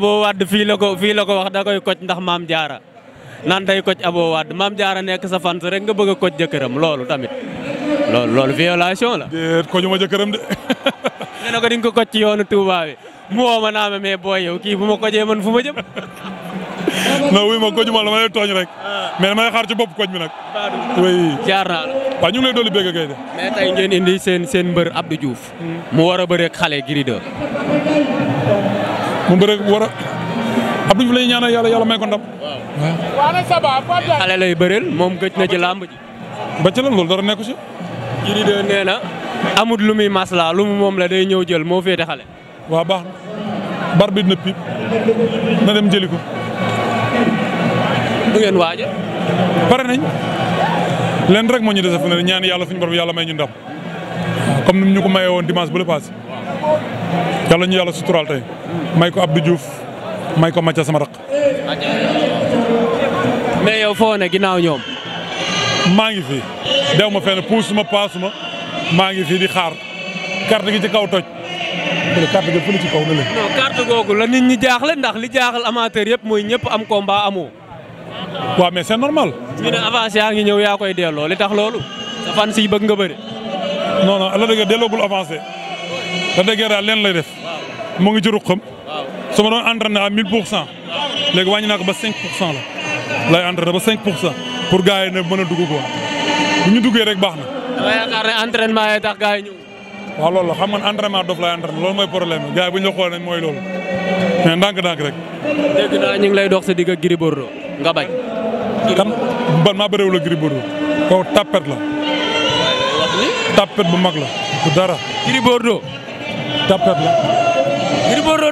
Abo Wade fii la ko fii la ko wax da koy koc maam jaara naan day koc Abo Wade maam jaara nekk sa fan rek nga bëgg a koc jëkkëram loolu tamit loolu loolu violation la. déet ko ma jëkkëram de. nga ne ko di nga ko koc ci yoonu Touba bi mu woo ma naa ma mais booy bu ma kojee man fu ma jëm. ma koju ma la ma lay tooñ rek. Ah. mais damay xaar ci bopp koñ bi nag. oui jaar naa la. waaw ñu ngi lay dolli bégg kay de. mais tey ngeen indi seen seen hmm. a bëreeg xale Gris 2 mu bëre war a Abdou Diouf lay ñaanal yàlla yàlla may ko ndam. waaw. xale moom gëj na ci làmb ji. ba ci lan loolu dara nekku si. Gris 2 nee na amut lu muy maslaa lu moom la day ñëw jël moo féete xale. waaw baax na bar bi dina pip na dem jëli ko. du ngeen waaja pare nañ leen rek moo ñu dese fu ne ñaan yàlla fu ñu borom yàlla may ñu ndam comme ni ñu ko mayee woon dimanche bu la yàlla ñu yàlla suturaal tey may ko Abdou Diouf may ko Mathia sama raq. mais yow foo ne ginnaaw ñoom. maa ngi fi de ma fenn puusuma paasuma maa ngi fi di xaar carte gi ci kaw toj. fële carte gi fële ci kaw ne la. non carte googu la nit ñi jaax jaaxle ndax li jaaxal amateur yëpp mooy ñëpp am combat amoo. waaw mais c'est normal. ñu ne avance yaa ngi ñëw yaa koy delloo li tax loolu. sa fan si bëgg nga bëri. non non la dëgg delloogul avancé la dëgg daal leen lay def. moo ngi ci ruqam su ma doon entraîné a 1000 pour cent léegi wàññi naa ko ba 5 pour la lay entraîné ba 5 pour cent pour gars yi ne mën a dugg quoi bu ñu duggee rek baax na. dama yaakaar ne entraînement yi tax gars yi ñëw. waaw loolu la xam nga entraînement dof lay mooy problème bi gars bu ñu la xoolee mooy loolu mais ndànk-ndànk rek. dégg naa ñu ngi lay dox sa digg ak Gris Bordeaux nga bañ. kan ban maa bëriwul ak Gris tapet la. tapet bu mag la du dara. Gris Bordeaux. tapet la. Gris Bordeaux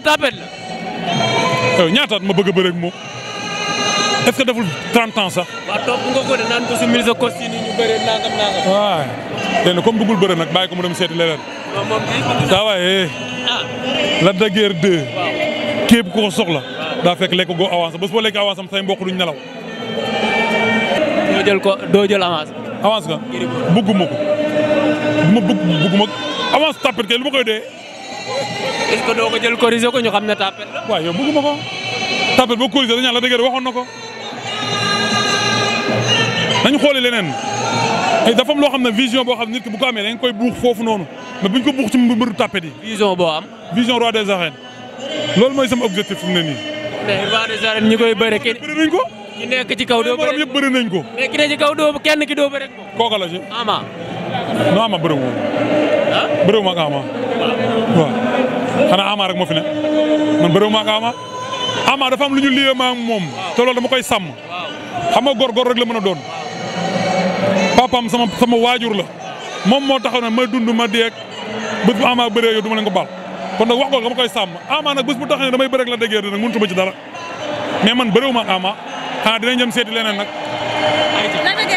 euh, ma bëgg a bëreeg moom est que deful 30 ans sax. waaw topp nga ko de naan ko suñu ministre costume yi ñu bëree nangam nangam. waaw tey nag comme bëggul bëre nag bàyyi ko mu dem seeti leneen. non moom kii. saa waay la daguerre 2. képp ku ko soxla. daa fekk lekk goo avance bés boo lekk avance am say mbokk duñ nelaw. doo jël ko doo jël avance. avance nga bëgguma ko bu ma bëgg bëgguma tapet kay lu ma koy dee. est-ce que ko jël corriger ko ñu xam ne tapet la. waaw yow ko tapet boo corriger dañu la dëgër waxoon na ko nañu xooli leneen ay dafa loo xam ne vision boo xam nit ki bu ko amee da koy buux foofu noonu mais buñ ko buux ci mbëru tapet yi. vision boo am. vision roi des arènes loolu mooy sama objectif fu mu ne nii. mais roi des arènes ñi koy bëre kenn. bëri ko. nekk ci kaw doo bëri morom yëpp ko. mais ki ne kaw doo kenn ki doo bëri ko. kooka la ci. ama. non ama bëriwul. ah bëriwul ak ama. waaw xanaa Ama rek moo fi ne man bëriwuma ak Ama Ama dafa am lu ñu liyee ma moom te loolu dama koy sàmm xam nga góor góor rek la mën a doon papam sama waajur la moom moo taxaw ne ma dund ma dee bés bu Ama bëree yow leen ko baal kon nag wax ko dama koy sàmm Ama nag bés bu taxaw ne damay bëreeg la déggee nag mënutuma ci dara mais man bëriwuma ak Ama xanaa dinañ dem seeti leneen nag.